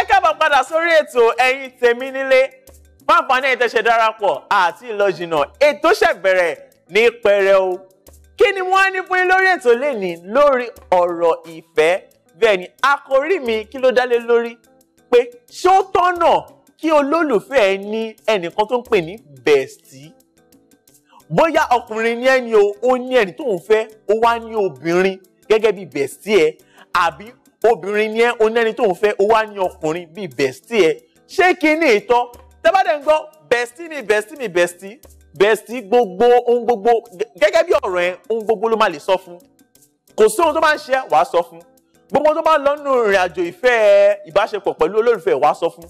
ẹ kábọ̀ padà sórí ètò ẹ̀yin tèmi nílé fáǹfààní ẹ̀yin tẹ̀sẹ̀ darapọ̀ àti ìlọ́jìnà ètò ṣẹ̀bẹ̀rẹ̀ ní pẹrẹu kí ni wọ́n ní fún yín lórí ètò lẹ́nìí lórí ọ̀rọ̀ ìfẹ́ bẹ́ẹ̀ ni àkòrí mi kí ló dálé lórí pé ṣé ó tọ́nà kí olólùfẹ́ ẹ ní ẹnìkan tó ń pè ní bẹ̀stì bóyá ọkùnrin ní ẹni o ó ní ẹni tó ń fẹ́ ó wá ní obìnrin gẹ́gẹ́ bí bẹ̀stì ẹ àbí obìnrin ni ẹ onẹni tó ń fẹ́ ó wá ní ọkùnrin bíi bẹ̀stì ẹ ṣé kíní ìtọ́ tẹ́bàdẹ̀ ń gbọ́ bẹ̀stì mi bẹ̀stì mi bẹ̀stì bẹ̀stì gbogbo ohun gbogbo gẹ́gẹ́ bí ọ̀rọ̀ ẹ ohun gbogbo ló má lè sọ fún kò sí ohun tó máa ń ṣe wàá sọ fún gbogbo tó bá lọ nínú ìrìn àjò ìfẹ́ ìbáṣepọ̀ pẹ̀lú olólùfẹ́ wàá sọ fún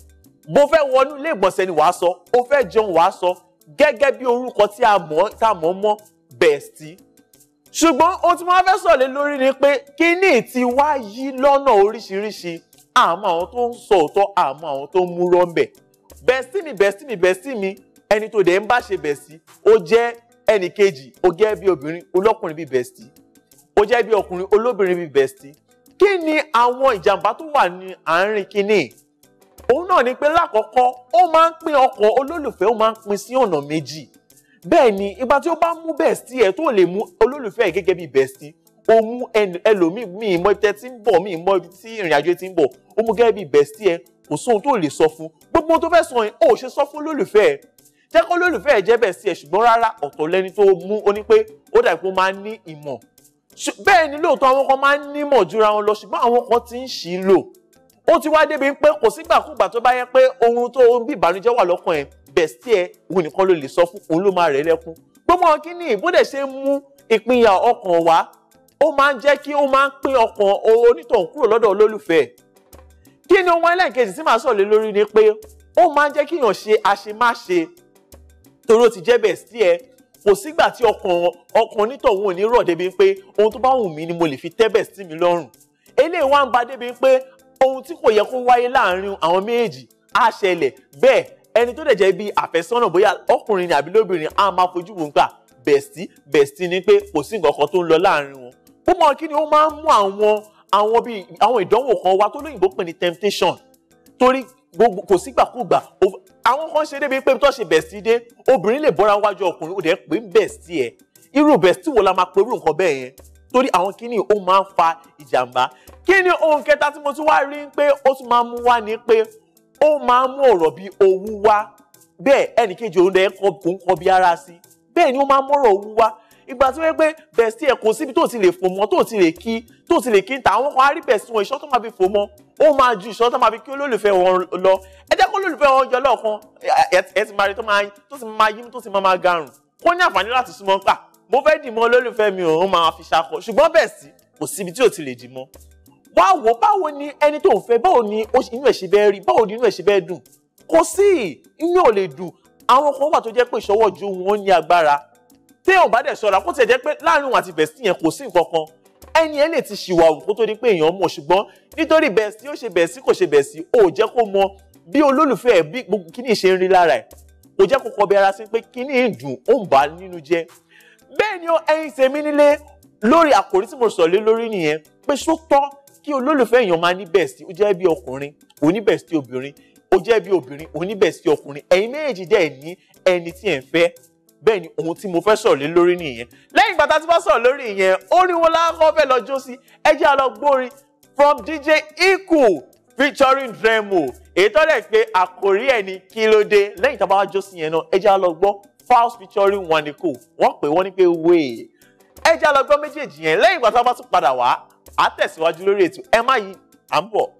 bó fẹ́ wọnú ilé ìgbọ̀nsẹ̀ ni wàá sọ ó fẹ́ jẹun wàá sọ gẹ́gẹ́ bí orúkọ tí a mọ̀ tá a mọ̀ mọ́ bẹ̀stì ṣùgbọ́n ohun tí mo fẹ́ sọ̀lẹ̀ lórí ni pé kíní ti wá yí lọ́nà oríṣiríṣi àmọ́ àwọn tó ń sọ òótọ́ àmọ́ àwọn tó ń mú rọ́ọ̀bẹ̀ bẹ̀sí mi bẹ̀sí mi bẹ̀sí mi ẹni tó dẹ̀ ń bá ṣe bẹ̀sí ó jẹ́ ẹnì kejì ó jẹ́ bí obìnrin olókùnrin bí bẹ̀sí ó jẹ́ bí ọkùnrin olóbìnrin bí bẹ̀sí kí ni àwọn ìjàmbá tó wà ní àárín kíní òun náà ni pé lákọ̀ọ́kọ́ ó máa ń pín ọkọ̀ olólùfẹ́ ó máa ń pín sí ọ̀nà méjì bẹ́ẹ̀ ni ìgbà tí ó bá mú bẹ́ẹ̀sì ẹ̀ tó lè mú olólùfẹ́ ẹ̀ gẹ́gẹ́ bí bẹ́ẹ̀sì ó mú ẹlòmíì mi mọ ibi tẹ́ ti ń bọ̀ mi mọ ibi tí ìrìn àjò ti ń bọ̀ ó mú gẹ́gẹ́ bí bẹ́ẹ̀sì ẹ̀ kò sóhun tó lè sọ fún gbogbo tó fẹ́ sọ yẹn ó ṣe sọ fún olólùfẹ́ ẹ̀ jẹ́ kó olólùfẹ́ ẹ̀ jẹ́ bẹ́ẹ̀sì ẹ̀ ṣùgbọ́n rárá ọ̀tọ̀ lẹ́ni tó mú ó ní pé ó dà pé ó máa ń ní ìmọ̀ bẹ́ẹ̀ ni lóòótọ́ àwọn kan máa ń nímọ̀ jura wọn lọ ṣùgbọ́n pé kò sígbàkúgbà tó bá yẹ pé ohun tó ń bí ìbànújẹ́ wà lọ́kàn ẹ̀ bestie ẹ òun nìkan ló lè sọ fún òun ló máa rẹ̀ lẹ́kún gbogbo kínní ìbúdẹ̀ ṣe mú ìpínyà ọkàn wá ó máa ń jẹ́ kí ó máa ń pín ọkàn onítọ̀hún kúrò lọ́dọ̀ olólùfẹ́ kí ni ohun ẹlẹ́ẹ̀kejì tí màá sọ̀rọ̀ lórí ni pé ó máa ń jẹ́ kí èèyàn ṣe àṣemáṣe torí ó ti jẹ́ bestie ẹ kò sígbà tí ọkàn ọkàn onítọ̀hún ò ní rọ̀ débi pé ohun tó bá wù mí ni mo lè fi tẹ́ bestie mi lọ́rùn eléyìí wá ń ba débi pé ohun tí kò yẹ kó wáyé láàrin àwọn méjèèjì á ṣẹlẹ̀ bẹ́ẹ̀ ẹni tó dẹ̀ jẹ́ bí àfẹ́sọ́nà bóyá ọkùnrin ni àbí lóbìnrin á máa fojú wò gbà bẹ̀sí bẹ̀sí ni pé kò sí nǹkan kan tó ń lọ láàrin wọn ó mọ kí ni ó máa ń mú àwọn àwọn bíi àwọn ìdánwò kan wá tó lóyìnbó pè ní temptation torí gbogbo kò sígbàkúgbà àwọn kan ṣe débi pé tó ṣe bẹ̀sí dé obìnrin lè bọ́ra wájú ọkùnrin ó dẹ̀ pé ń bẹ̀sí ẹ̀ irú bẹ̀sí wo la máa perú nǹkan bẹ́ẹ̀ yẹn torí àwọn kíní ó máa ń fa ìjàmbá kíní ohun kẹta tí mo tún wá rí pé ó tún máa ń mú wá ni pé ó máa ń mú ọ̀rọ̀ bí owú wá bẹ́ẹ̀ ẹnì kejì òun dẹ̀ kò ń kọ bí ara sí bẹ́ẹ̀ ni ó máa ń mọ̀rọ̀ owú wá ìgbà tí wọ́n pẹ́ bẹ̀sí ẹ̀ kò síbi tó ti lè fò mọ́ tó ti lè kí tó ti lè kí ń ta àwọn kan á rí bẹ̀sí wọn ìṣọ́ tó máa fi fò mọ́ ó máa ju ìṣọ́ tó máa fi kí olólùfẹ́ wọn lọ ẹ jẹ́ kó olólùfẹ́ wọn jọ lọ́ọ̀kan ẹ ti máa tó ti máa yí tó ti máa garùn kó ní àǹfààní láti súnmọ́ pà mo fẹ́ dì mọ́ olólùfẹ́ mi òun máa fi ṣakọ ṣùgbọ́n bẹ̀sí kò síbi tí ò ti lè dì wá wò báwo ni ẹni tó ń fẹ́ báwo ni inú ẹ̀ ṣe bẹ́ẹ̀ rí báwo ni inú ẹ̀ ṣe bẹ́ẹ̀ dùn kò sí inú ò lè dùn àwọn kan wà tó jẹ́ pé ìṣọwọ́ ju wọn ní agbára téèyàn bá dẹ̀ ṣọ́ra kó tiẹ̀ jẹ́ pé láàrin òun àti bẹ̀sì yẹn kò sí nǹkan kan ẹni ẹ lè ti ṣìwàwù kó tó di pé èèyàn mọ̀ ṣùgbọ́n nítorí bẹ̀sì ó ṣe bẹ̀sì kò ṣe bẹ̀sì ó jẹ́ kó mọ bí olólùfẹ́ ẹ̀ bí gbogbo kíní ṣe ń rí lára ẹ̀ kò jẹ́ kó kọbi ara sí pé kíní ń dùn ó ń bà nínú jẹ́ bẹ́ẹ̀ ni ẹ̀yin tèmi nílé lórí àkòrí tí mo sọ lé lórí nìyẹn pé ṣó kí olólùfẹ́ èèyàn máa ní bestie ó jẹ́ bí ọkùnrin ó ní bestie obìnrin ó jẹ́ bí obìnrin ó ní bestie ọkùnrin ẹ̀yin méjèèjì dẹ̀ ní ẹni tí ẹ̀ ń fẹ́ bẹ́ẹ̀ ni ohun tí mo fẹ́ sọ̀rọ̀ lé lórí nìyẹn lẹ́yìn ìgbà tá a ti bá sọ̀rọ̀ lórí ìyẹn orin wo la kọ́ fẹ́ lọ jó sí ẹ jẹ́ from DJ Iku featuring Dremo èyí tó dẹ̀ pé àkòrí ẹ̀ ní kí ló dé lẹ́yìn tá a bá wá jó sí yẹn náà ẹ jẹ́ a featuring Waniko wọ́n pè wọ́n ní pé wéè ẹ jẹ́ a lọ gbọ́ méjèèjì yẹn lẹ́yìn ìgbà tá a bá tún padà wá á tẹ̀síwájú lórí ètò ẹ má yí à ń bọ̀.